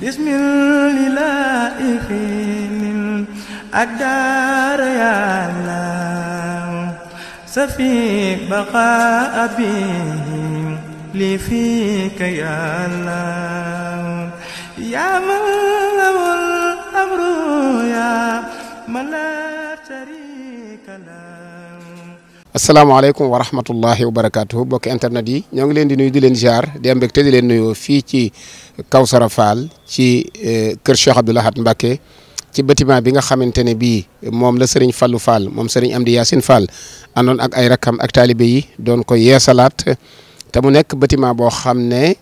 bismillahi fiinil أدار يا الله سفي بقاء أبيهم لي فيك يا الله يا من له الأمر يا من لا شريك asalaamaaleykum wa rahmatullahi wa barakaatu bokki internet yi ñoo ngi leen di nuyu di leen ziar di am mbégte di leen nuyoo fii ci Kawsara faal ci eh, kër Cheikh Abdoul Ahad Mbacké ci bâtiment bi nga xamante ne bii moom la Serigne Fallou Fall moom Serigne Amdi Yacine Fall àndoon ak ay rakkam ak taalibe yi doon ko yeesalaat te mu nekk bâtiment boo xam ne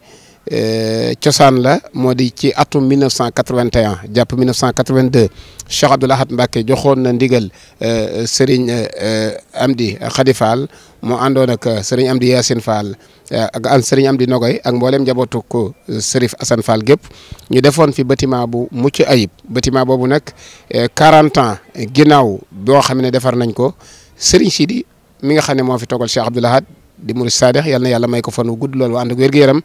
Eh, cosaan la moo di ci atum 1981 jàpp 1982 Cheikh Abdoul Ahad Mbacké joxoon na ndigal eh, Serigne eh, Amdi Khady Fall mu àndoon ak Serigne Amdi Yacine Fall ak an Serigne Amdi Nogoy ak mboolem njabootu ko Serif Assane Fall gépp ñu defoon fi bâtiment bu mucc ayib bâtiment boobu nag quarante ans ginnaaw boo xam ne defar nañ ko Serigne Sidi mi nga xam ne moo fi toogal Cheikh Abdoul Ahad di murid saadex yàlla may ko fan wu gudd loolu ànd ak wér-gu-yaram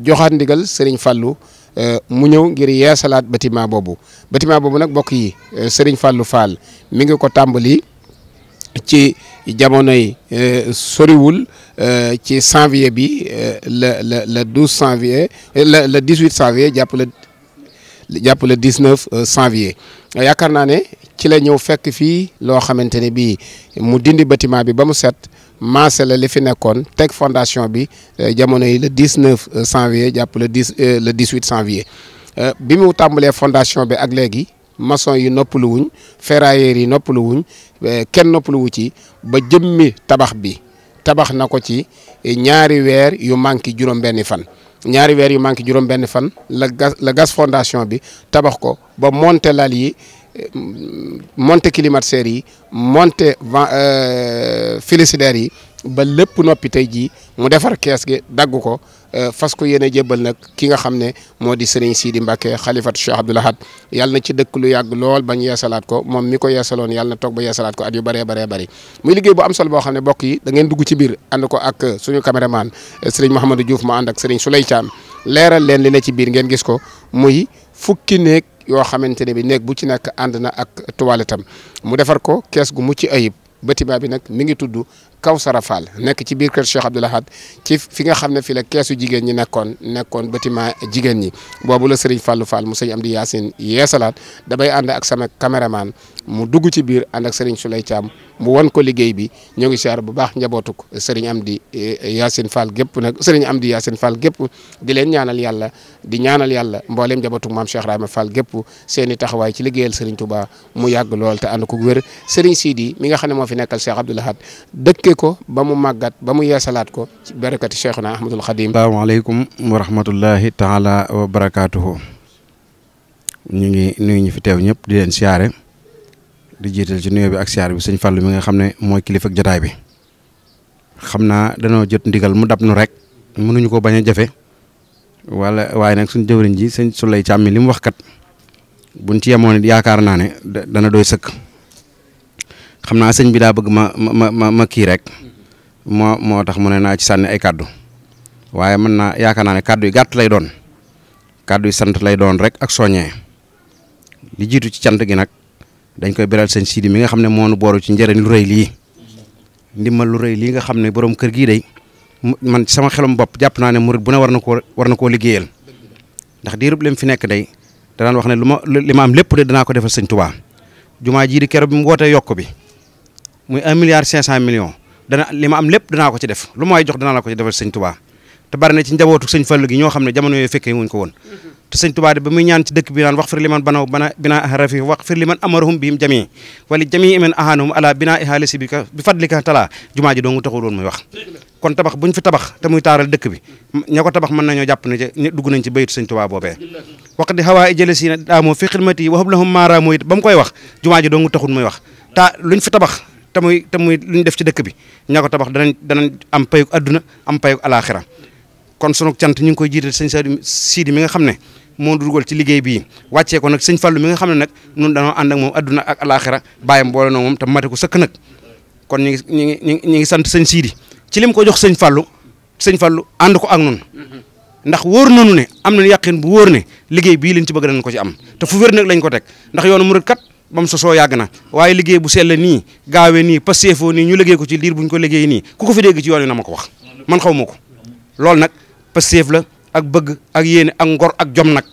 joxaat ndigal Serigne Fallou euh, mu ñëw ngir yeesalaat bâtiment boobu bâtiment boobu nag bokk yi euh, Serigne Fallou Fall mi ngi ko tàmbali ci jamonoy euh, soriwul ci janvier bi la la la douze janvier la la dix huit janvier jàpp la jàpp la dix neuf janvier yaakaar naa ne ci la ñëw fekk fii loo xamante ne bii mu dindi bâtiment bi ba mu set. maase la li fi nekkoon teg fondation bi euh, jamono yi le 19 euh, janvier jàpp le 10 euh, le 18 janvier bi mu tàmbalee fondation bi ak léegi maçon yi noppalu wuñ ferrailleurs yi noppalu wuñ kenn noppalu wu ci ba jëmmi tabax bi tabax na ko ci ñaari weer yu manqué juróom-benni fan. ñaari weer yu manqué juróom-benni fan la gas la gas fondation bi tabax ko ba monté yi. Euh, monté climatiseurs yi monté vent euh, félicitaires yi ba lépp noppi tey jii mu defar kees gi dagg ko euh, fas ko yéene jébbal nag ki nga xam ne moo di sëriñ Sidi Mbacke xalifatu xalifat Abdoul Ahad yàlla na ci dëkk lu yàgg lool bañ yeesalaat ko moom mi ko yeesaloon yàlla na toog ba yeesalaat ko at yu bëree bëree bëri muy liggéey bu am solo boo xam ne bokk yi da ngeen dugg ci biir ànd ko ak suñu caméraman sëriñ Mouhamadou Diouf ma ànd ak sëriñ Souley Thiam leeral leen li ne ci biir ngeen gis ko yoo xamante ne bi néeg bu ci nekk ànd na ak toilette mu defar ko kees gu mucc ayib bâtiment bi nag mi ngi tudd Kawsara Fall nekk ci biir kër Cheikh Abdoul Ahad ci fi nga xam ne fi la keesu jigéen ñi nekkoon nekkoon bâtiment jigéen ñi boobu la Serigne Fallou Fall mu sëñ Amdi Yaasin yeesalaat dabay ànd ak sama caméraman mu dugg ci biir ànd ak Serigne Souley Thiam mu wan ko liggéey bi ñoo ngi siyaar bu baax njabootuk sëriñ Amdi eh, Yacine Fall gépp nag sëriñ di Yacine Fall gépp di leen ñaanal yàlla di ñaanal yàlla mbooleem njabootuk maam Cheikh Rahma Fall gépp seen i taxawaay ci liggéeyal sëriñ Touba mu yàgg lool te ànd ko wér sëriñ Sidi mi nga xam ne moo fi nekkal Cheikh Abdoul Ahad dëkke ko ba mu màggat ba mu yeesalaat ko ci barakati Cheikhuna Ahmadul Khadim asalaamaaleykum wa rahmatullahi taala wa barakaatuhu ñu ngi nuyu ñu fi ñëpp di leen siyaare di jiital ci nuyoo bi ak siyaar bi sëñ Fallou mi nga xam ne mooy kilifa ak jotaay bi xam naa danoo jot ndigal mu dab nu rek mënuñu ko bañ a jafe wala waaye nag suñ jëwriñ ji sëñ lay Thiam mi li mu wax kat buñ ci yemoon yaakaar naa ne dana doy sëkk xam naa sëñ bi daa bëgg ma ma ma ma kii rek moo moo tax mu ne naa ci sànni ay kàddu waaye mën naa yaakaar naa ne kàddu yi gàtt lay doon kàddu yi sant lay doon rek ak soññee di jiitu ci cant gi nag. dañ koy beral sëñ Sidi mi nga xam ne moo nu booru ci njëriñ lu rëy lii ndimbal lu rëy lii nga xam ne borom kër gii day man sama xelum bopp jàpp naa ne murit bu ne war na koo war na koo liggéeyal ndax diirub lim fi nekk day danaan wax ne lu ma li ma am lépp de danaa ko defal sëñ Tuubaa jumaa jii di keroog bi mu wootee bi muy un milliard cinq cent millions dana li ma am lépp danaa ko ci def lu may jox danaa la ko ci defal sëñ te bari na ci njabootu sëñ Fallu gi ñoo xam ne jamono yooyu fekkee wuñ ko won te sëñ Tuubaa ba muy ñaan ci dëkk bi naan wax fir li man banaw bana bina rafi wax fir li man amarahum bihim jamii wala jamii men ahaanahum ala bina ihaalisi bi ka bi fadlika tala jumaa ji doongu taxul woon muy wax kon tabax buñ fi tabax te muy taaral dëkk bi ña ko tabax mën nañoo jàpp ne dugg nañ ci baytu sëñ Tuubaa boobee wax di xawaa i jële si daamoo fi xidmati yi waxab lahum koy wax jumaa ji doongu taxul muy wax ta luñ fi tabax te muy te muy luñ def ci dëkk bi ña ko danañ danañ am payuk adduna am payuk alaaxira kon sunu sant ñu ngi koy jiital sëñ Saliou Sidi mi nga xam ne moo dugal liggéey bii wàccee ko nag sëñ mi nga xam ne nag nun dañoo ànd ak moom adduna ak alaxira bàyyam boole na moom te kon ñu ngi ngi ñu ngi sant sëñ Sidi ci lim ko jox sëñ fallu sëñ Fallou ànd ko ak nun ndax wóor nañu ne am nañu yàqin bu wóor ne liggéey bii liñ ci bëgg nañ ko ci am te fu wér nag lañ ko teg ndax yoonu murit kat ba mu sosoo yàgg na waaye liggéey bu sell nii gaawee nii pasteefoo nii ñu liggéey ko ci liir buñ ko liggéey nii ku ko fi dégg ci yoon yi ma ko wax man xaw ma ko loolu nag pasteef la ak bëgg ak yéene ak ngor ak jom nag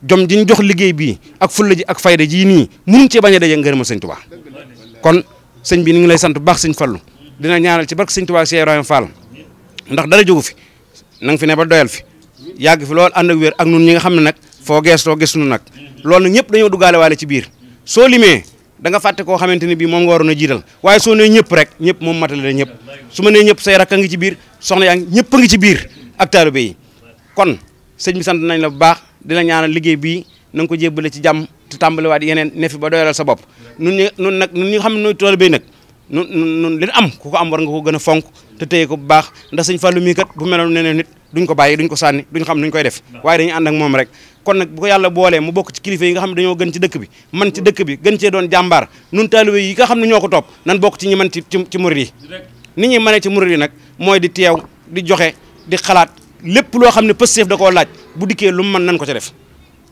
jom ji ñu jox liggéey bii ak fulla ji ak fayda jii nii mënuñ cee bañ a daje ngërëmal sëñ Tuubaa kon sëñ bi ni ngi lay sant bu baax sëñ Fallu dina ñaanal ci barke sëñ Tuubaa Cheikh Ibrahima Fall ndax dara jógu fi na nga fi ne ba doyal fi yàgg fi lool ànd ak wér ak nun ñi nga xam ne da nga fàtte koo xamante ne bii moom nga waroon a jiital waaye soo nee ñëpp rek ñëpp moom matale a ngi ci biir soxna yaa ngi a ngi ci biir ak taalibe yi kon sëñ bi sant nañ la bu baax di la ñaanal liggéey bii na nga ko jébbale ci jàmm te tàmbaliwaat yeneen nefi fi ba doyalal sa bopp nun ñu nag nun ñu xam ne nooy tool bay nag nun nun li am ku ko am war nga ko gën fonk te téye ko bu baax ndax sëñ Fallou mii kat bu meloon neneen nit duñ ko bàyyi duñ ko sànni duñ xam nuñ koy def waaye dañuy ànd ak moom rek kon nag boo yàlla boolee mu bokk ci kilifa yi nga xam ne dañoo gën ci dëkk bi man ci dëkk bi gën cee doon jàmbaar nun taalibe yi nga xam ne ñoo ko topp nan bokk ci ñi man ci ci murid yi ni ñuy mënee ci murid yi nag mooy di teew di joxe di xalaat lépp loo xam ne Pastef da koo laaj bu dikkee lu mu mën nan ko ca def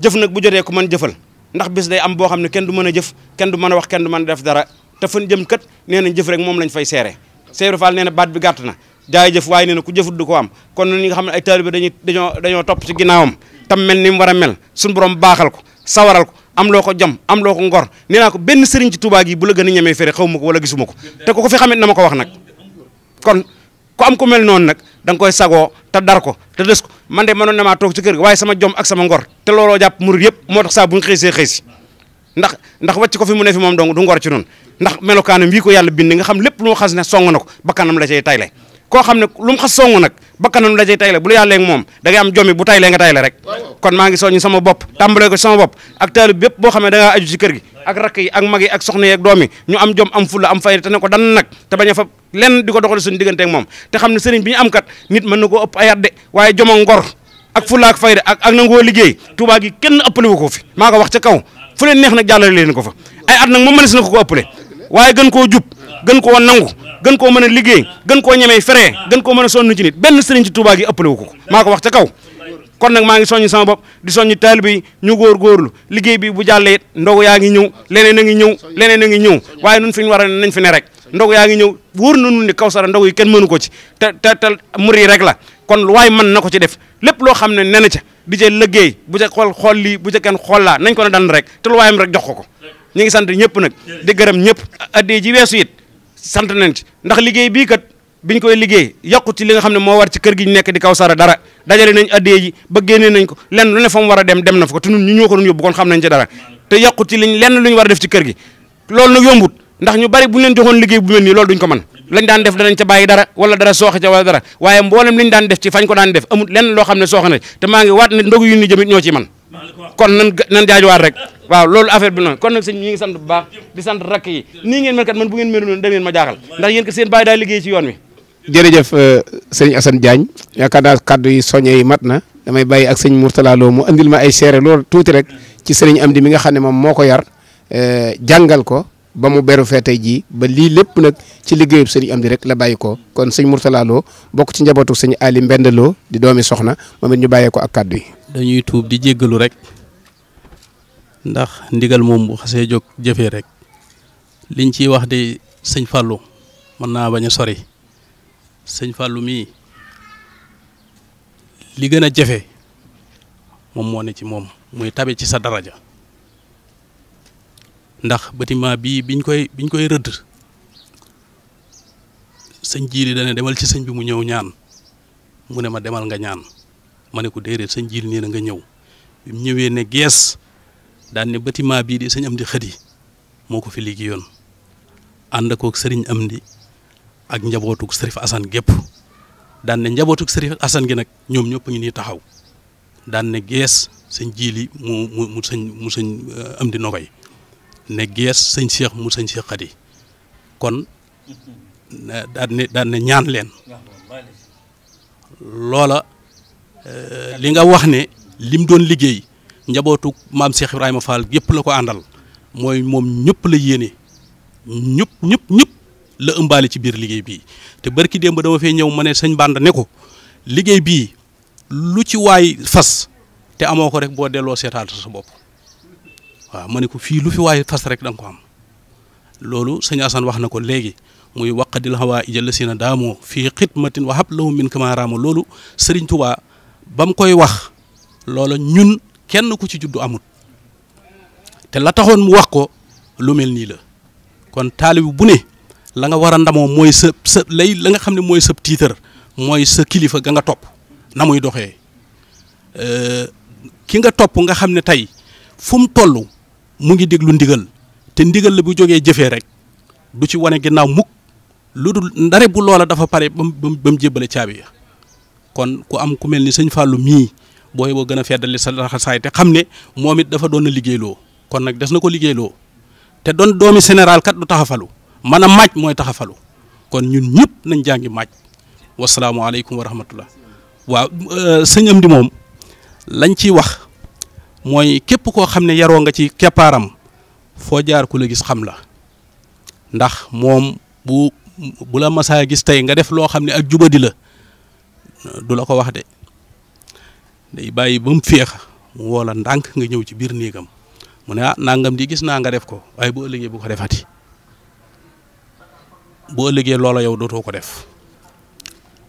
jëf nag bu jotee ku mën jëfal ndax bis day am boo xam ne kenn du mën a jëf kenn du mën a wax kenn du mën a def dara te fan jëm kat nee nañ jëf rek moom lañ fay seere Seydou Fall nee na baat bi gàtt na jaay jëf waaye nee na ku jëfut du ko am ñi nga xam ne ay taalibe dañuy dañoo dañoo topp ci ginnaawam tam mel ni mu war a mel suñu borom baaxal ko sawaral ko am loo ko jom am loo ko ngor nee naa ko benn sëriñ ci Touba bu la gën a ñemee fere xaw ma ko wala gisuma ko te ku ko fi xamit na ma ko wax nag kon ko am ko mel noonu nag dang koy sagoo te dar ko te des ko man de mënoon na maa toog ci kër waaye sama jom ak sama ngor te looloo jàpp murit yëpp moo tax saa bu ñu xëy see xëy si ndax ndax wàcc ko fi mu ne fi moom dong du ngor ci noonu ndax melokaanam wii ko yàlla bind nga xam lépp lu ma ne song na ko bakkanam la cay tayle koo xam ne lu mu xas songu nag bakkanam dajay tay la bu la yàlla leeg moom da ngay am jommi bu tay nga tay rek kon maa ngi soññi sama bopp tàmbalee ko sama bopp ak taalib bépp boo xam ne aju ci kër gi ak rakk yi ak mag yi ak soxna yi ak ñu am jom am fulla am fayda te ne ko dan nag te bañ a fa lenn di ko doxale suñu diggante moom te xam ne sëriñ bi ñu am kat nit mën na koo ëpp ayat de waaye joma ngor ak fulla ak fayda ak ak liggéey Tuubaa ko fi maa ko wax ca kaw fu leen neex nag jàllale leen ko fa ay at nag moom mënees na gën koo nangu gën koo mën a liggéey gën koo ñemee fere gën koo mën a sonn ci nit benn sëriñ ci Touba gi ëppale wu ko maa ko wax ca kaw kon nag maa ngi soññ sama bop di soññ taalibe yi ñu góorgóorlu liggéey bi bu jàllee ndogu yaa ngi ñëw leneen a ngi ñëw leneen a ngi ñëw waaye nun fi ñu war a nañ fi ne rek ndogu yaa ngi ñëw wóor na nun ni Kawsara ndogu yi kenn mënu ko ci te te te yi rek la kon waaye mën na ko ci def lépp loo xam ne nee na ca di ca liggéey bu ca xool xool lii bu ca kenn xool laa nañ ko dan rek te lu waayam rek jox ko ko ñu ngi sant ñëpp nag di gërëm ñëpp addee ji weesu it sant nañ ci ndax liggéey bii kat biñ koy liggéey yàqu ci li nga ne moo war ci nekk di Kawsara dara dajale nañ addee ji nañ ko lenn lu ne fa mu a dem dem na fa ko te ñu ñoo ko doon kon xam nañ ci dara te yàqu ci liñ lenn lu a def ci kër ko mën lañ daan def danañ ca bàyyi dara wala dara sooxe ca wala dara waaye mboolem liñ daan def ci fañ ko daan def amut lenn loo xam ne sooxe na te maa waat ne ndogu yu ni ñoo kon nan nan jaajuwaat rek waaw loolu affaire bi noonu kon nag sëñ ñi ngi sant bu baax di sant rakk yi nii ngeen mel kat man bu ngeen melu noonu da ngeen ma jaaxal ndax yéen ko seen bàyyi daal liggéey ci jërëjëf euh, sëñ Assane Diagne yaakaar naa kaddu yi soñé yi mat na damay bàyyi ak sëñ Mourtala Lo mu andil ma ay seere loolu tuuti rek ci sëriñ Amdi mi nga xam ne moom moo ko yar euh, jàngal ko ba mu beru fee tey jii ba lii lépp nag ci liggéeyub sëriñ Amdi rek la bàyyi ko kon sëñ Mourtala Lo bokk ci njabootu sëñ Ali mbendaloo Lo di doomi soxna ma it ñu bàyyee ko ak kàddu yi. dañuy tuub di jéggalu rek ndax ndigal moom bu xasee jóg jëfee rek liñ ciy wax di sëñ Fallou mën naa bañ a sori sëñ Fallou mii li gën a jëfe moom moo ne ci moom muy tabe ci sa daraja. ndax bâtiment bii biñ koy biñ koy rëdd sëñ jiili dana demal ci sëñ bi mu ñëw ñaan mu ne ma demal nga ñaan ma ne ko déedéet sëñ jiili nee na nga ñëw bi mu ñëwee ne gees daan ne bâtiment bii de sëñ am di xëdi moo ko fi liggéeyoon ànd kook sëriñ am ak njabootuk sërif asan gépp daan ne njabootuk sërif asan gi nag ñoom ñëpp ñu ni taxaw daan ne gees sëñ jiili mu mu mu sëñ mu euh, am di nogay ne gees sëñ Cheikh mu sëñ Cheikh Khady kon daan ne daan ne ñaan leen loola eh, li nga wax ne lim doon liggéey njabootu maam Cheikh Ibrahima Fall yëpp la ko àndal mooy moom ñëpp la yéene ñëpp ñëpp ñëpp la ëmbaale ci biir liggéey bii te barki démb dama fee ñëw ma ne sëñ bànd ne ko liggéey bii lu ci waay fas te amoo ko rek boo delloo seetaal sa bopp. waaw ma ne ko fii lu fi waaye fas rek danga ko am loolu sëñ Assane wax na ko léegi muy waqadil waa ijal si na daamoo fii xidmatin wa hablahum min kamaaraamo loolu sëriñ Tuubaa ba koy wax loola ñun kenn ku ci juddu amut te la taxoon mu wax ko lu mel nii la kon taalibu bu ne la nga war a ndamoo mooy sa lay la nga xam ne mooy sa tiitar mooy sa kilifa ga nga topp na muy doxee ki nga topp nga xam ne tey fu mu toll mu ngi déglu ndigal te ndigal la bu jógee jëfee rek du ci wane ginnaaw mukk lu dul ndare bu loola dafa pare ba mu ba mu jébbale caabi ya kon ku am ku mel ni sëñ fàllu mii booy boo gën a feddale sa laxasaay te xam ne moom it dafa doon a liggéeyloo kon nag des na ko liggéeyloo te doon doomi général kat du taxafalu mën a màcc mooy taxafalu kon ñun ñëpp nañ jàngi màcc wasalaamaaleykum wa rahmatullah waaw euh, sëñ am di moom lañ ciy wax. mooy képp koo xam ne yaroo nga ci keppaaram foo jaar ku la gis xam la ndax moom bu bu la masaa gis tey nga def loo xam ne ak jubadi la du la ko wax de day bàyyi ba mu féex mu woo ndànk nga ñëw ci biir néegam mu ne ah nangam di gis naa nga def ko waaye bu ëllëgee bu ko defati bu ëllëgee loola yow dootoo ko def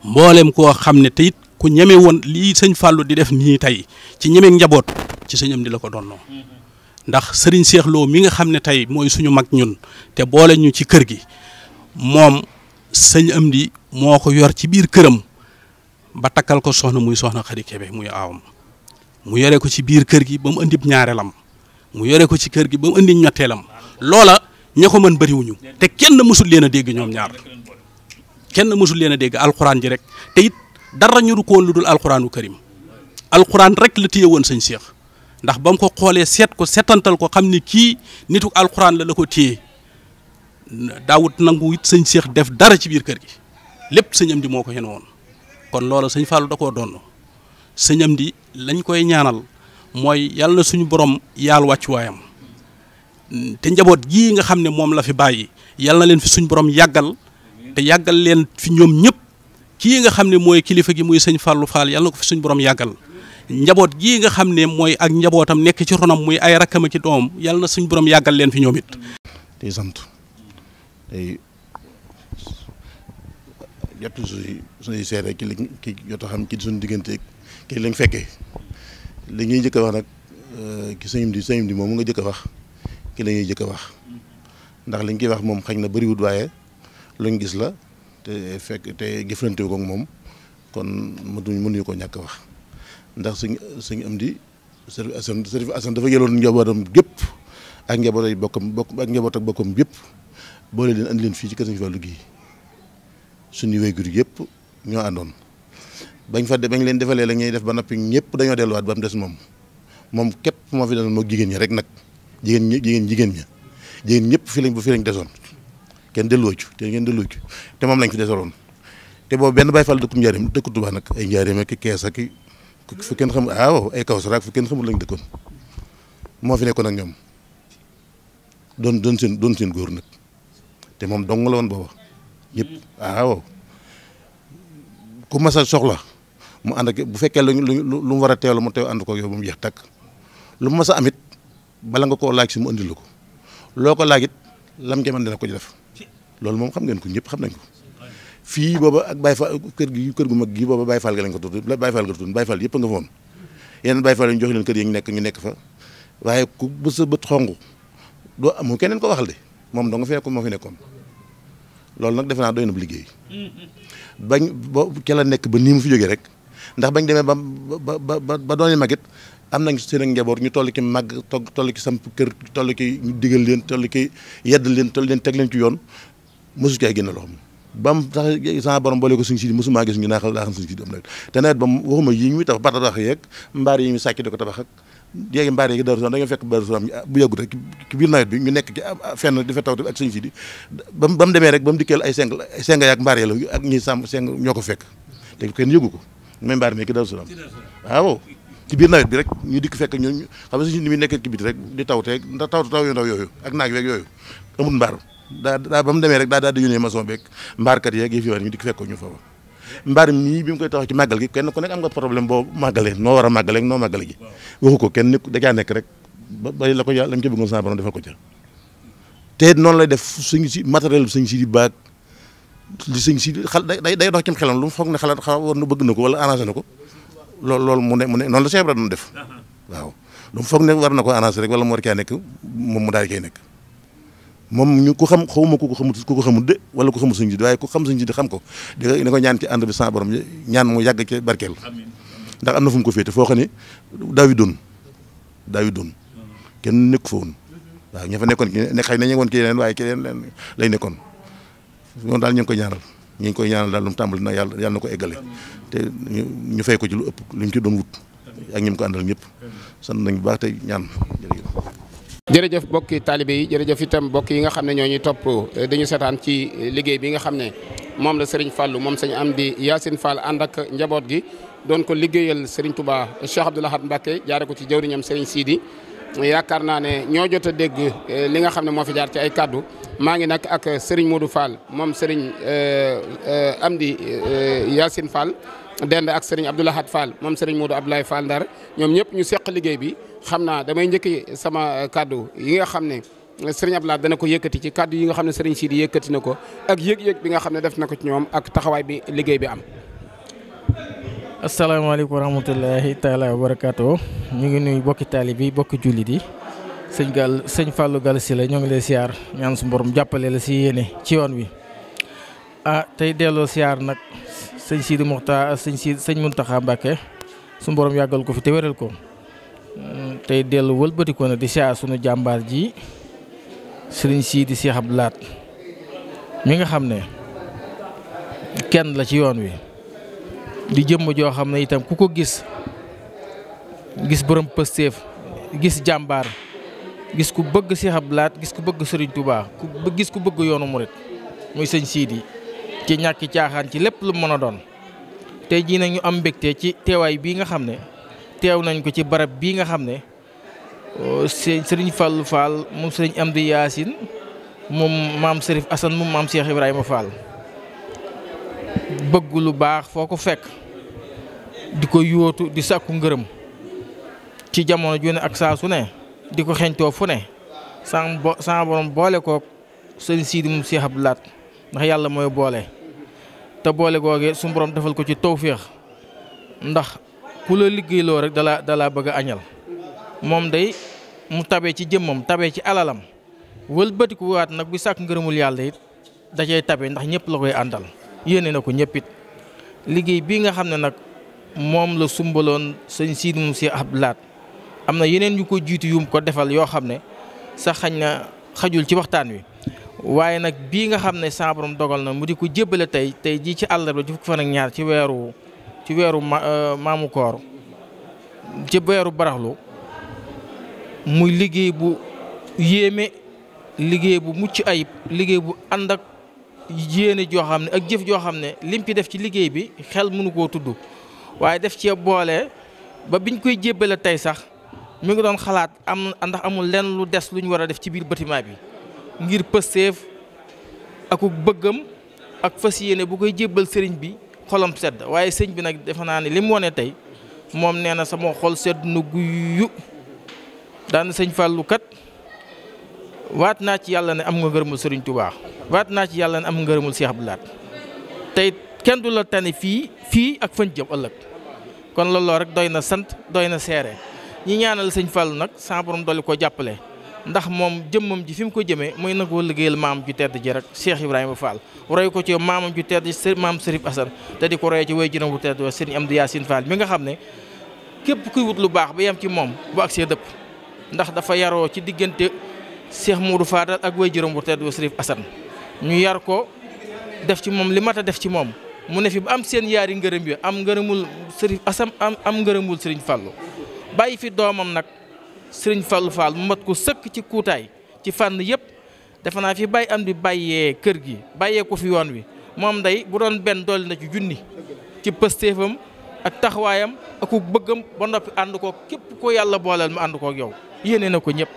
mboolem koo xam ne te ku ñeme woon lii sëñ fàllu di def nii tey ci ñeme njaboot. ci sëñ di la ko donnoo ndax sëriñ Seex mi nga xam ne tey mooy suñu mag ñun te boole ñu ci kër gi moom sëñ Amdi moo ko yor ci biir këram ba takkal ko soxna muy soxna Xadi Kebe muy aawam mu yore ko ci biir kër gi ba mu indi ñaareelam mu yore ko ci kër gi ba mu indi ñetteelam loola ña ko mën bariwuñu te kenn mësul leen a dégg ñoom ñaar kenn mësul leen a dégg alxuraan ji rek te it dara ñuru ko woon lu dul alxuraanu karim alxuraan rek la téye woon sëñ Seex ndax ba mu ko xoolee seet ko setantal ko xam ni kii nitu alxuraan la la ko téye daawut nangu it sëñ Cheikh def dara ci biir kër gi lépp sëñ Amdi moo ko yéene woon kon loola sëñ Fallou da ko doon sëñ Amdi lañ koy ñaanal mooy yàlla na suñu borom yàlla wàccuwaayam te njaboot gii nga xam ne moom la fi bàyyi yàlla na leen fi suñu borom yàggal te yàggal leen fi ñoom ñëpp kii nga xam ne mooy kilifa gi muy sëñ Fallou xaal yàlla na ko fi suñu borom yàggal. njaboot gii nga xam ne mooy ak njabootam nekk ci ronam muy ay rakkama ci doom yal na suñ borom yàggal leen fi ñoom it. tey sant tey jot suñuy suñuy seere ki lañ ki jot a xam ci suñu diggante ki lañ fekkee li ñuy a wax nag euh, ki sëñ di sëñ moom mu nga jëkk wax ki la jëkk a wax ndax liñ koy wax moom xañ na bëriwut waaye luñ gis la te fekk te jëflantewu ko moom kon mënuñu koo ñàkk wax. ndax suñ suñu am di Serigne Assane Serigne Assane dafa jëloon njabootam gépp ak njaboot ay bokkam bokk ak njaboot ak bokkam gépp boole leen andi leen fii ci kër Serigne Fallou gii suñu wéygur yëpp ñoo àndoon bañ fa de bañ leen defalee la ñuy def ba noppi ñëpp dañoo delluwaat ba mu des moom moom képp moo fi daloon moog jigéen ñi rek nag jigéen ñi jigéen jigéen ña jigéen ñëpp fii lañ ba fi lañ desoon kenn delloo ci te ngeen delloo ci te moom lañ fi desaloon te boo benn Baye Fall dëkku Njaareem dëkku Tuubaa nag ay Njaareem ak kees ak fu kenn xam ah waaw ay kaw saraak fu kenn xamul lañ dëkkoon moo fi nekkoon ak ñoom doon doon seen góor nag te moom dong la woon booba ñépp ah waaw ku mas soxla mu ànd ak bu fekkee luñ luñ lu mu war a teewlu mu ànd ko yow ba mu jeex tàkk lu mu mas a am bala nga koo laaj si mu andil ko loo ko laaj lam ca mën dina ko ci def loolu moom xam ngeen ko ñëpp xam nañ ko. fii booba ak Baye Fall kër gi kër gu mag gi booba Baye Fall ga lañ ko tudd Baye Fall ga tudd Baye Fall yëpp nga fa woon yeneen Baye Fall yi leen kër yi ñu nekk ñu nekk waaye ku bës a bët xongu doo amul keneen ko waxal de moom dong nga fi moo fi nekkoon loolu nag defe naa doy na bu liggéey bañ ba nekk ba nii mu fi jógee rek ndax bañ demee ba ba ba ba doon magit am nañ seen ak ñu toll ki màgg togg toll ki samp kër toll ñu digal leen toll ki yedd leen leen teg leen ci yoon mosu caa génn loxoom bam sax sama borom boole ko suñ gis ñu naaxal laa xam suñ am nag te nawet ba waxuma yi ñu tax ba tabax yeeg mbaar yi ñu sàcc di ko tabax ak yeegi mbaar yeegi bi ñu nekk ci fenn di fa rek ba mu dikkeel ay seng ay seng yaak mbaar ya ñoo ko fekk te kenn ko may mbaar mee ki Daaru Salaam waaw ci nawet bi rek ñu dikk fekk ñooñu xam nga suñ ni muy nekk ci biti rek di taw teeg taw taw yooyu ak naaj weeg yooyu amul mbaar daa daa ba mu demee rek daa daal di yónnee maçon beeg mbaarkat yeeg yëf yooyu ñu di fekk ñu foofa mbaar mii bi mu koy taxaw ci màggal gi kenn ku nekk am nga problème boo màggalee noo war a màggalee noo màggale gi waxu ko kenn da caa nekk rek ba bari la ko yàlla la mu ca bëggoon sa borom defal ko ca te noonu lay def suñ si matériel bi suñ si di baag li suñ si xal day day dox ci xelam lu mu foog ne xalaat xaw war na bëgg na ko wala arrangé na ko loolu loolu mu ne mu ne noonu la Cheikh Ibrahima doon def uh-huh. waaw lu mu foog ne war na ko arrangé rek wala mu war caa nekk moom mu daal di koy nekk moom ñu ku xam xawma ku ko xamut ku ko xamut de wala ku xamut suñu ji waaye ku xam suñu ji di xam ko di nga ko ñaan ci ànd bi sans borom ñaan yàgg ci barkeel ndax am na fu mu ko féete foo xam ne daaw yi doon daaw yi kenn nekk fa ña fa nekkoon ne xëy na ñu woon ki yeneen waaye ki yeneen nekkoon moom daal ñu koy ñaanal ñu ngi koy ñaanal daal tàmbali nag yàlla yàlla na ko eggale te ñu fay ko ci ëpp lu ci doon ak ñi ko àndal ñëpp sant nañ baax te ñaan jërëjëf bokki taalibe yi jërëjëf itam bokk yi nga xam ne ñoo ñuy topp eh, dañu setaan ci liggéey bi nga xam ne moom la Serigne Fallou moom Serigne Amdi Yacine Fall ànd ak njaboot gi doon ko liggéeyal Serigne Touba Cheikh Abdoul Ahad Mbacké jaare ko ci jëwriñam Serigne Sidi yaakaar naa ne ñoo jot a dégg eh, li nga xam ne moo fi jaar ci ay kàddu maa ngi nag ak Serigne Modou Fall moom Serigne eh, Amdi Yacine Fall dend ak sëriñ Abdou Lahad Fall moom sëriñ Modou Abdoulaye Fall Ndar ñoom ñëpp ñu seq liggéey bi xam naa damay njëkki sama kàddu yi nga xam ne sëriñ Abdoulaye dana ko yëkkati ci kàddu yi nga xam ne sëriñ Sidi yëkkati na ko ak yëg-yëg bi nga xam ne def na ko ci ñoom ak taxawaay bi liggéey bi am. asalaamaaleykum wa rahmatulahi taala wa ñu ngi nuyu bokki taali bi bokki jullit yi sëñ gal sëñ Fallou Gall si la ñoo ngi lay siyaar ñaan su mborom jàppale la si ci yoon wi ah, tey delloo nag. sëñ Sidi Muxtaar sëñ Sidi sëñ Muntaxa Mbàkke su borom yàggal ko fi te wéral ko tey dellu wëlbatiko na di siyaar sunu jàmbaar ji sëriñ Sidi Cheikh Abdou Lahat mi nga xam ne kenn la ci yoon wi di jëmm joo xam ne itam ku ko gis gis borom pësteef gis jàmbaar gis ku bëgg Cheikh Abdou gis ku bëgg Sëriñ tubaax gis ku bëgg yoonu murit muy sëñ Sidi ci ñàkki caaxaan ci lépp lu mën a doon tey jii nag ñu am mbégte ci teewaay bii nga xam ne teew nañ ko ci barab bii nga xam ne euh, sëriñ Fallou Fall moom sëriñ Amdi Yaasin moom maam Serif Assane moom maam seex Ibrahima Fall bëgg lu baax foo ko fekk di ko yóotu di sàkku ngërëm ci jamono ju ne ak saa su ne di ko xeñtoo fu ne sans boole kook sëriñ Sidi moom Cheikh Abdou Lahat ndax yàlla mooy boole. te boole googee suñu borom defal ko ci tawféex ndax ku la liggéeyloo rek dalaa dalaa bëgg añal moom day mu tabe ci jëmmam tabe ci alalam wëlbatiku waat nag bu sàkk ngërëmul yàlla it da tabe ndax ñëpp la koy àndal yéene na ko ñëpp liggéey bii nga xam ne nag moom la sumbaloon sëñ Siidi moom si ab laat am na yeneen yu ko jiitu yum ko defal yoo xam ne sa xañ na xajul ci waxtaan wi waaye nag bii nga xam ne saa dogal na mu di ko jébbale tey tey jii ci àllarba ji fukki fan ñaar ci weeru ci weeru euh, maamu koor ci weeru baraxlu muy liggéey bu yéeme liggéey bu mucc ayib liggéey bu ànd ak yéene joo xam ne ak jëf joo xam ne lim ci def ci liggéey bi xel mënu koo tudd waaye def ci boole ba biñ koy jébbale tey sax mu ngi doon xalaat am ndax amul lenn lu des lu ñu war a def ci biir bâtiment bi. ngir pësteef ak bëggam ak fas yéene bu koy jébbal sëriñ bi xolam sedd waaye sëñ bi nag defe naa ne li wone tey moom nee na sama xol sedd nu guyu daan sëñ Fallou kat waat naa ci yàlla ne am nga ngërëmul sëriñ Touba waat naa ci yàlla ne am nga ngërëmul seex Abdou laat tey kenn du la tane fii fii ak fañ jëm ëllëg kon looloo rek doy na sant doy na seere ñi ñaanal sëñ Fallou nag sa borom dolli ko jàppale. ndax moom jëmmam ji fi mu ko jëmee mooy nangoo liggéeyal maam ju tedd ji rek Cheikh Ibrahima Fall roy ko ci maamam ju tedd ji maam Serif Assane te di ko royee mi nga xam ne képp kuy wut lu baax ba yem ci moom bu ak see dëpp ndax dafa yaroo ci diggante Cheikh Moudou Fadal ak way juróom bu tedd wa Serif Assane ñu yar ko def ci moom li mat a def ci moom mu ne fi ba am seen yaari ngërëm yi am ngërëmul Serif Assane am am ngërëmul Serigne Fallou bàyyi fi doomam nag sëriñ Fallou Fall mu mat ko sëkk ci kuutaay ci fànn yëpp defe naa fi bàyyi am di bàyyee kër gi bàyyee ko fi yoon wi moom day bu doon benn dolli na ci junni ci pëstéefam ak taxawaayam ak ku bëggam ba noppi ànd ko képp ko yàlla booleel mu ànd kook yow yéene a ko ñëpp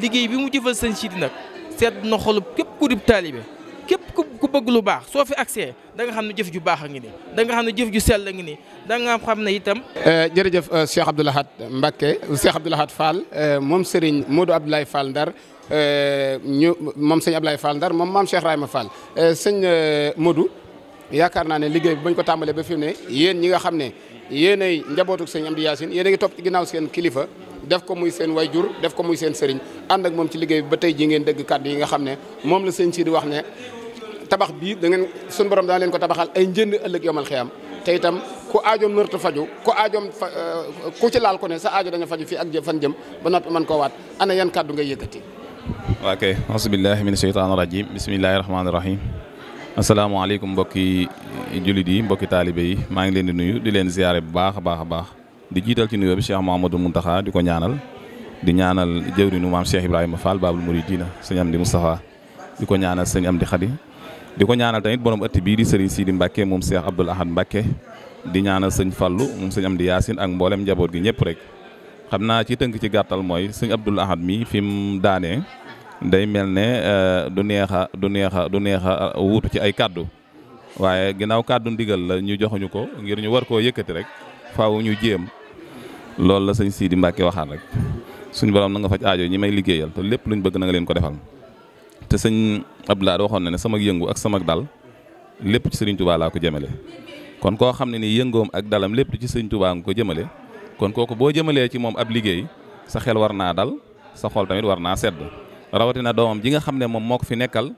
liggéey bi mu jëfal sëñ Sidi nag seet na xolub képp ku dib taalibe képp ku bëgg lu baax soo fi accès da nga xam ne jëf ju baax a ngi ni danga nga xam ne jëf ju sell a ngi ni da nga xam ne itam. Euh, jërëjëf euh, Cheikh Abdou Lahad Mbacké Cheikh Abdou Lahad Fall euh, moom Serigne Modou Abdoulaye Fall Ndar ñu moom sëñ Abdoulaye moom maam Cheikh ma Fall sëñ Modou yaakaar naa ne liggéey bi bañ ko tàmbalee ba fi mu ne yéen ñi nga xam ne yéenay njabootuk sëñ Amdi Yaasin yéen a ngi topp ginnaaw seen kilifa. def ko muy seen way jur def ko muy seen sëriñ ànd ak moom ci liggéey bi ba tey ji ngeen dégg kàddu yi nga xam ne moom la sëñ si di wax ne tabax bii da ngeen suñu borom dana leen ko tabaxal ay njënd ëllëg yomal xiyam te itam ku aajoom nërta faju ku aajoom fa euh, ku ci laal ko ne sa aajo dañu faju fii ak jë fan jëm ba noppi man koo waat ana yan kàddu ngay yëkkati. ok asubillahi min sheytaani rajim bismillahi rahmaani rahim asalaamaaleykum mbokki jullit yi mbokki taalibe yi maa ngi leen di nuyu di leen ziyaare bu baax a baax a baax di jiital ci nuyoo bi Cheikh Mouhamadou Mountakha di ko ñaanal di ñaanal jëwrinu maam Cheikh Ibrahima Fall Babul Mouridina sëñ Amdi Moustapha di ko ñaanal sëñ Amdi Khadi di ko ñaanal tamit borom ëtt bii di sëriñ Sidi Mbacke moom Cheikh Abdoul Ahad Mbacke di ñaanal sëñ fallu moom sëñ Amdi Yaasin ak mboolem njaboot gi ñëpp rek xam naa ci tënk ci gàttal mooy sëñ Abdoul Ahad mi fi mu daanee day mel ne euh, du neex du neex du neex a wuutu ci ay kàddu waaye ginnaaw kàddu ndigal la ñu joxuñu ko ngir ñu war koo yëkkati rek faaw ñu jéem loolu la sëñ Sidi Mbacke waxaat rek suñu borom na nga faj aajo ñi may liggéeyal te lépp luñ bëgg na nga leen ko defal. te sëñ ab Abdoulaye waxoon na ne sama yëngu ak sama dal lépp ci sëriñ Touba ko jëmale kon koo xam ne ni yëngoom ak dalam lépp ci sëriñ Touba nga ko jëmale kon kooku boo jëmalee ci moom ab liggéey sa xel war naa dal sa xool tamit war naa sedd rawatina doomam ji nga xam ne moom moo ko fi nekkal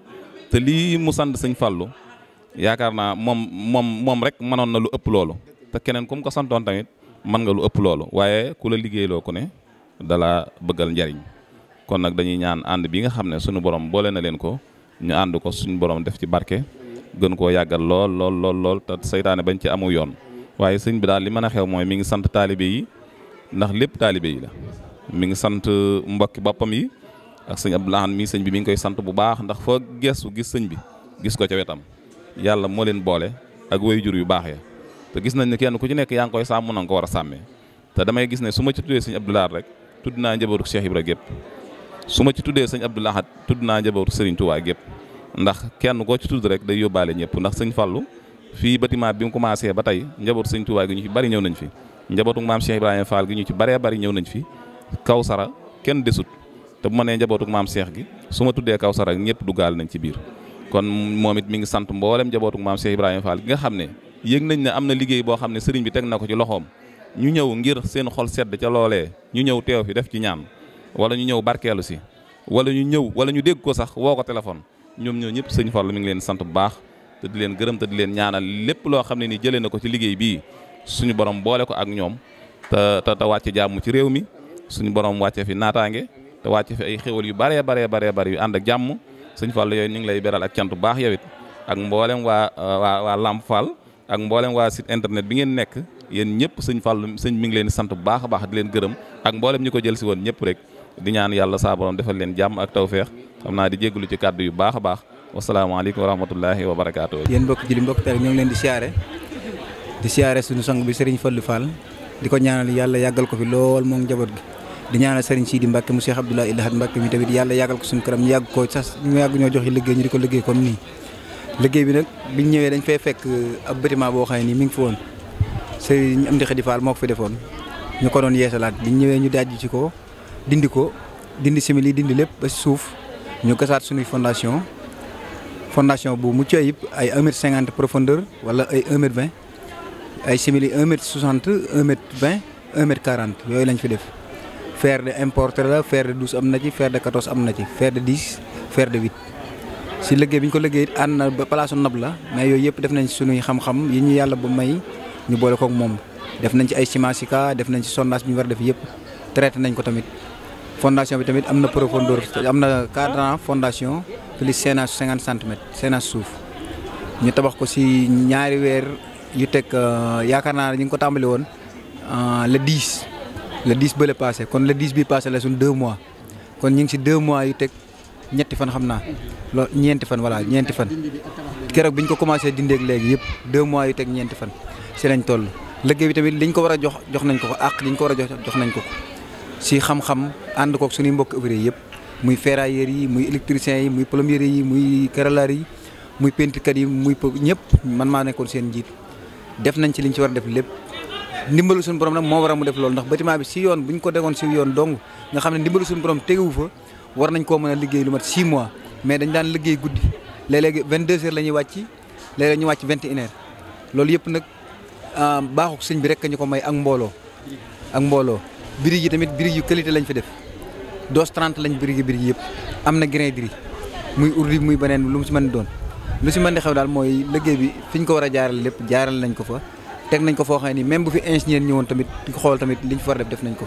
te lii mu sant sëñ Fallou yaakaar naa moom moom moom rek mënoon na lu ëpp loolu te keneen ku mu ko santoon tamit mën nga lu ëpp loolu waaye ku la liggéeyloo ku ne dala bëggal njariñ kon nag dañuy ñaan ànd bi nga xam ne suñu borom boole na leen ko ñu ànd ko suñu borom def ci barke gën koo yàggal lool lool lool lool te seytaane bañ ci amu yoon waaye sëñ bi daal li mën a xew mooy mi ngi sant taalibe yi ndax lépp taalibe yi la mi ngi sant uh, mbokki boppam yi ak sëñ Abdou Lahad mi sëñ bi mi ngi koy sant bu baax ndax foo geesu gis sëñ bi gis ko ca wetam yàlla moo leen boole ak waajur yu baax ya te gis nañ ne kenn ku ci nekk yaa ngi koy sàmm na nga ko war a sàmmee te damay gis ne su ci tuddee sëñ Abdou Lahad rek tudd naa njabootu Cheikh Ibra gépp su ma ci tuddee sëñ Abdou Lahad tudd naa njabootu Serigne Touba gépp ndax kenn koo ci tudd rek day yóbbaale ñëpp ndax sëñ Fallou fii bâtiment bi mu commencé ba tey njabootu sëñ Touba gi ñu ci bari ñëw nañ fi njabootu maam Cheikh Ibrahima Fall gi ñu ci baree bari ñëw nañ fi Kawsara kenn desut te bu ma nee njabootu maam Cheikh gi su ma tuddee Kawsara ñëpp duggaal nañ ci biir kon moom it mi ngi sant mboolem njabootu maam Cheikh Ibrahima Fall gi nga xam ne yëg nañ ne am na liggéey boo ne sëriñ bi teg na ko ci loxoom ñu ñëw ngir seen xol sedd ca loolee ñu ñëw teew fi def ci ñaan wala ñu ñëw barkeelu si wala ñu ñëw wala ñu dégg ko sax woo ko téléphone ñoom ñoo ñëpp sëñ Fallu mi ngi leen sant bu baax te di leen gërëm te di leen ñaanal lépp loo xam ne ni jëlee na ko ci liggéey bii suñu borom boole ko ak ñoom te te te wàcce jàmm ci réew mi suñu borom wàcce fi naataange te wàcce fi ay xéwal yu baree baree baree bari yu ànd ak jàmm sëñ Fallu yooyu ñu ngi lay beral ak cant bu baax yow ak mboolem waa waa waa Lamp Fall ak mboolem waa site internet bi ngeen nekk yéen ñëpp sëñ Fallu sëñ mi ngi leen sant bu baax a baax di leen gërëm ak mboolem ñu ko jël si woon ñëpp rek di ñaan yàlla saa borom defal leen jàmm ak tawféex xam naa di jégalu ci kàddu yu baax a baax wasalaamaaleykum wa rahmatullahi wa barakaatu. yéen mbokk julli mbokk tere ñoo ngi leen di siyaare di siyaare suñu sang bi Serigne Fallou Fall di ko ñaanal yàlla yàggal ko fi lool moom njaboot gi di ñaanal Serigne Sidi Mbacke mu Cheikh Abdoulaye Ilahat Mbacke mi tamit yàlla yàggal ko suñu këram ñu yàgg ko yàgg ñoo jox yi liggéey ñu di ko liggéey comme nii liggéey bi nag biñ ñëwee dañ fay fekk uh, ab boo xam ne nii mi ngi fi woon Serigne Amdi Khady Fall moo fi defoon ñu ko doon yeesalaat biñ ñëwee ñu dajji ci ko dindi ko dindi simili dindi lépp ba suuf ñu gasaat suñuy fondation fondation bu mucc ayib ay 1 mètre 50 profondeur wala ay 1 mètre 20 ay simili 1 mètre 60 vingt mètre 20 yooyu lañ fi def fer de importé la fer de 12 am na ci fer de 14 am na ci fer de dix fer de 8 si liggéey bi ñu ko liggéey it ànd na ba palaasu nab la mais yooyu yëpp def nañ sunuy xam-xam yi ñu yàlla ba may ñu boole kook moom def nañ ci ay ciment def nañ ci sondage ñu war def yëpp traité nañ ko tamit fondation bi tamit am na profondeur am na cadran fondation plus seenage cinquante centimètres seenage suuf ñu tabax ko si ñaari weer yu teg euh, yaakaar naa ñu ngi ko tàmbali woon euh, le 10 le 10 ba le kon le 10 bi passé la suñ deux mois kon ñu si deux mois yu teg ñetti fan xam naa loolu ñeenti fan voilà ñeenti fan keroog bi ñu ko commencé dindeeg léegi yëpp deux mois yu teg ñeenti fan si lañ toll liggéey bi tamit liñ ko war a jox jox nañ ko ko liñ ko war a jox jox nañ ko ko si xam-xam ànd kook suñuy mbokk ouvrier yëpp muy ferrailleurs yi muy électriciens yi muy plombiers yi muy carreleurs yi muy peinturekat yi muy ñëpp man maa nekkoon seen njiit def nañ ci liñ ci war a def lépp ndimbalu suñu borom nag moo war a mu def lool ndax bâtiment bi si yoon bu ñu ko degoon si yoon dong nga xam ne ndimbalu suñu borom tegewu fa war nañ koo mën a liggéey lu mat 6 mois mais dañ daan liggéey guddi léeg-léegi 22 heures la ñuy wàcc léeg-léeg ñu wàcc 21 heures loolu yëpp nag ah, baaxuk sëñ bi rek ñu ko may ak mbooloo ak mbooloo birig yi tamit birig yu qualité lañ fi def dose 30 lañ birig yi birig yëpp am na grain diri muy urdi muy beneen lu mu si mën di doon lu si mën di xew daal mooy liggéey bi fi ñu ko war a jaaral lépp jaaral nañ ko fa teg nañ ko foo xam ne même bu fi ingénieur ñëwoon tamit di ko xool tamit liñ fi war a def def nañ ko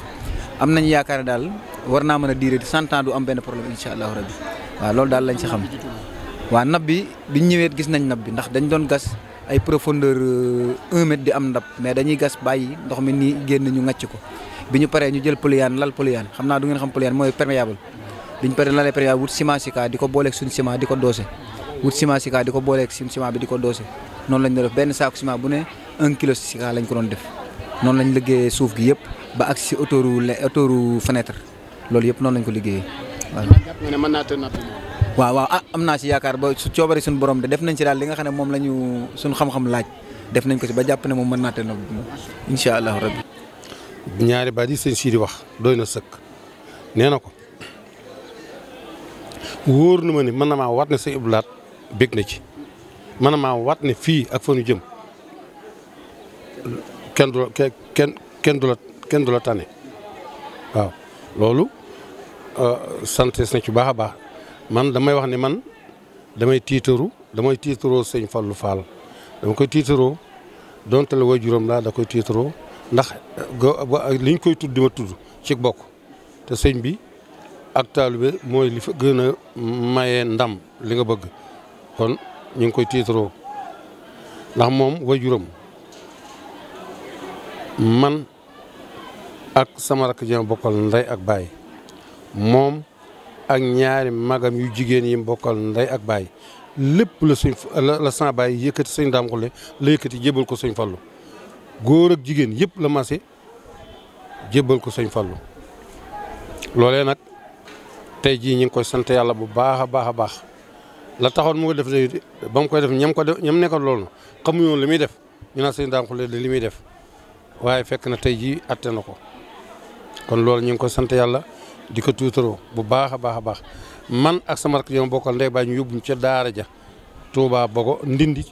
fa daal war naa mën a diire cent du am benn problème incha allahu rabbi waaw loolu daal lañ si xam waaw nab bi biñ ñëwee gis nañ nab bi ndax dañ doon gas ay profondeur euh, un mètre di am ndab mais dañuy gas bàyyi ndox mi nii génn ñu ngàcc ko bi ñu paree ñu jël poliyaan lal poliyaan xam naa du ngeen xam poliyaan mooy perméable bi ñu paree di ko booleeg suñ ciment di ko doose wut ciment sika di ko booleeg suñ ciment benn saako ciment bu ne un ko doon def noonu lañ liggéeyee suuf gi yëpp ba ak si autoru autoru fenêtre loolu yëpp noonu lañ ko liggéeyee waaw waaw waaw ah am naa si yaakaar ba su coobari suñu borom de nañ si daal li nga xam ne moom la ñu suñu xam-xam laaj def nañ ko si ba jàpp ne moom man naa te na incha allahu rabbi ñaari baat yi sëñ di wax dooy na sëkk nee na ko wóor nu ma ni man na maa wat ne sëñ Abdou Lahad bég na ci mën na maa wat ne fii ak fa jëm kenn du la kenn du la kenn tane waaw loolu euh, santees na ci baax a baax man damay wax ne man damay tiitaru damay tiitaroo sëñ Fallou Fall dama koy tiitaroo donte la waajuram laa da koy tiitaroo ndax liñ koy tudd di ma tudd ci bokk te sëñ bi ak taalibe mooy li fa gën a maye ndam li nga bëgg kon ñu ngi koy tiitaroo ndax moom wajuram man ak sama rakk ji ma bokkal ndey ak baay moom ak ñaari magam yu jigéen yi bokkal ndey ak baay lépp la suñ la la sant baay yëkkati sëñ daam xule la yëkkati jébal ko sëñ fallu góor ak jigéen yépp la mase jébbal ko sëñ Fallu loole nag tey jii ñu ngi koy sante yàlla bu baax a baax a baax la taxoon mu ko def de ba mu koy def ñam ko def ñam nekkoon loolu xamuñoon li muy def ñu naan sëñ Dame Khoule li muy def waaye fekk na tey jii atte na ko kon loolu ñu ngi koy sante yàlla di ko tuutaroo bu baax a baax a baax man ak sama rakk yoon bokkal ndey baa ñu yóbbu ñu ca daara ja Touba Bogo Ndindi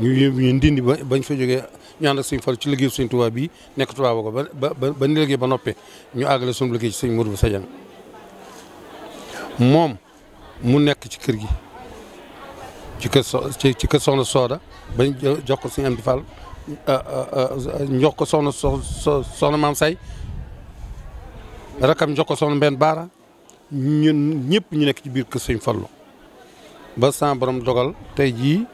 ñu yóbbu ñu Ndindi bañ fa jógee ñu ànd ak suñu ci liggéey suñu Tuubaa bi nekk Tuubaa ba ko ba ba ba ni liggéey ba noppee ñu àggale bu liggéey ci sëñ Modou Bousso Dieng moom mu nekk ci kër gi ci kër so ci kër soxna Sooda bañ jox ko suñu Amdi Fall jox ko soxna soxna Maam Say rakam jox ko soxna Mbène Baara ñun ñëpp ñu nekk ci biir kër sëñ Fallu ba sa borom dogal tey jii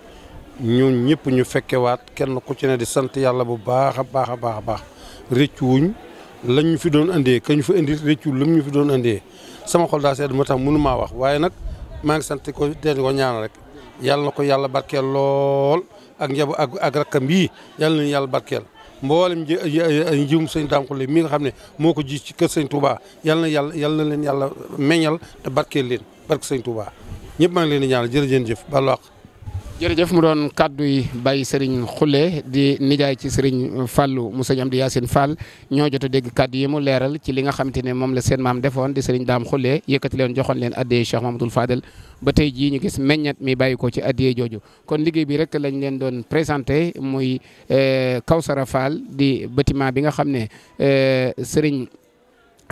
ñu ñëpp ñu fekkewaat kenn ku ci di sant yàlla bu baax a baax a baax a baax rëccu wuñ ñu fi doon indee kañu ñu fa indi rëccu lu ñu fi doon indee sama xol daa sedd ma tax mënu maa wax waaye nag maa ngi sant ko te di ko ñaan rek yàlla na ko yàlla barkeel lool ak njabu ak ak rakkam yii yàlla nañu yàlla barkeel mboolem njiwum sëñ Dankole mi nga xam ne moo ko ji ci kër sëñ Touba yàlla yàlla yàlla na leen yàlla meññal te barkeel leen barke sëñ Touba ñëpp maa ngi leen di ñaanal jërëjëf jëf jërëjëf mu doon kàddu bàyyi Baye Serigne Khoule di nijaay ci Serigne Fallou mu sëñ Amdi Yacine Fall ñoo jot a dégg yi mu leeral ci li nga xamante ne moom la seen maam defoon di Serigne daam Khoule yëkkati leen joxoon leen addee Cheikh Mamadou Fadel ba tey jii ñu gis meññat mi bàyyi ko ci addee jooju kon liggéey bi rek lañ leen doon présenté muy eh, Kawsara Fall di batiment bi nga xam ne eh, sëriñ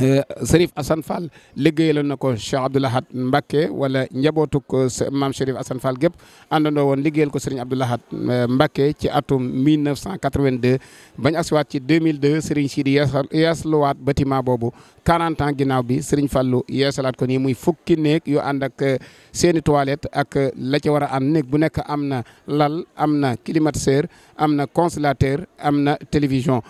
Euh, Serif Assane Fall liggéeyaloon na ko Cheikh Abdoul Ahad Mbacké wala njabootu ko maam Serif Assane Fall gépp àndandoo woon liggéeyal ko Serigne Abdoul Ahad euh, Mbacké ci atum 1982 bañ asiwaat ci 2002 Serigne Sidi yeesluwaat bâtiment boobu 40 ans ginnaaw bi Serigne Fallou yeesalaat ko nii muy fukki néeg yu ànd ak euh, seeni toilette ak la ci war a ànd néeg bu nekk am na lal am na climatiseur am na congélateur am na télévision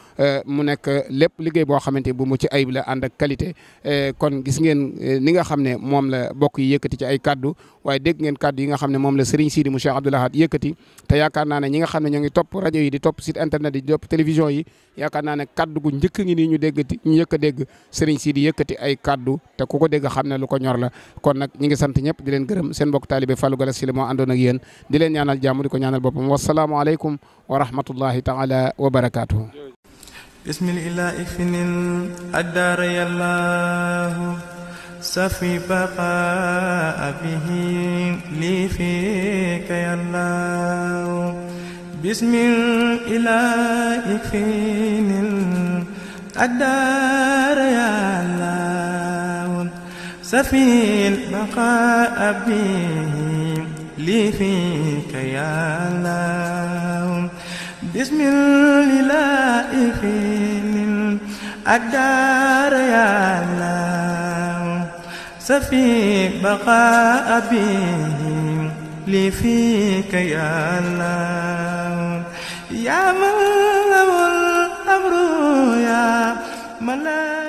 mu nekk lépp liggéey boo xamante bu mu ci ayib la ànd ak qualité eh, kon gis ngeen eh, ni nga xam ne moom la bokk yi yëkkati ci ay kaddu waaye dégg ngeen kaddu yi nga xam ne moom la seriñ Sidi mu Cheikh Abdoul Ahad yëkkati te yaakaar naa ne ñi xam ne ñoo ngi topp rajo yi di topp site internet yi di topp télévision yi yaakaar naa ne kaddu gu njëkk ngi nii ñu déggati ñu yëkk a dégg Serigne Sidi yëkkati ay kaddu te ko ko dégg xam ne lu ko ñor la kon nag ñi ngi sant ñëpp di leen gërëm seen mbokk taalibe Fallou Galass Syll moo àndoon ak di leen ñaanal jàmm di ko ñaanal boppam wasalaamaaleykum wa rahmatullahi taala wa barakaatuhu بسم الإلائفن الدار يالله سفي بقاء به لي فيك يالله بسم الإلائفن الدار يالله سفي البقاء به لي فيك يالله bismillahi finin الدار يا نام سفي بقاء بهم لي فيك يا نام يا من له الأمر يا ملاك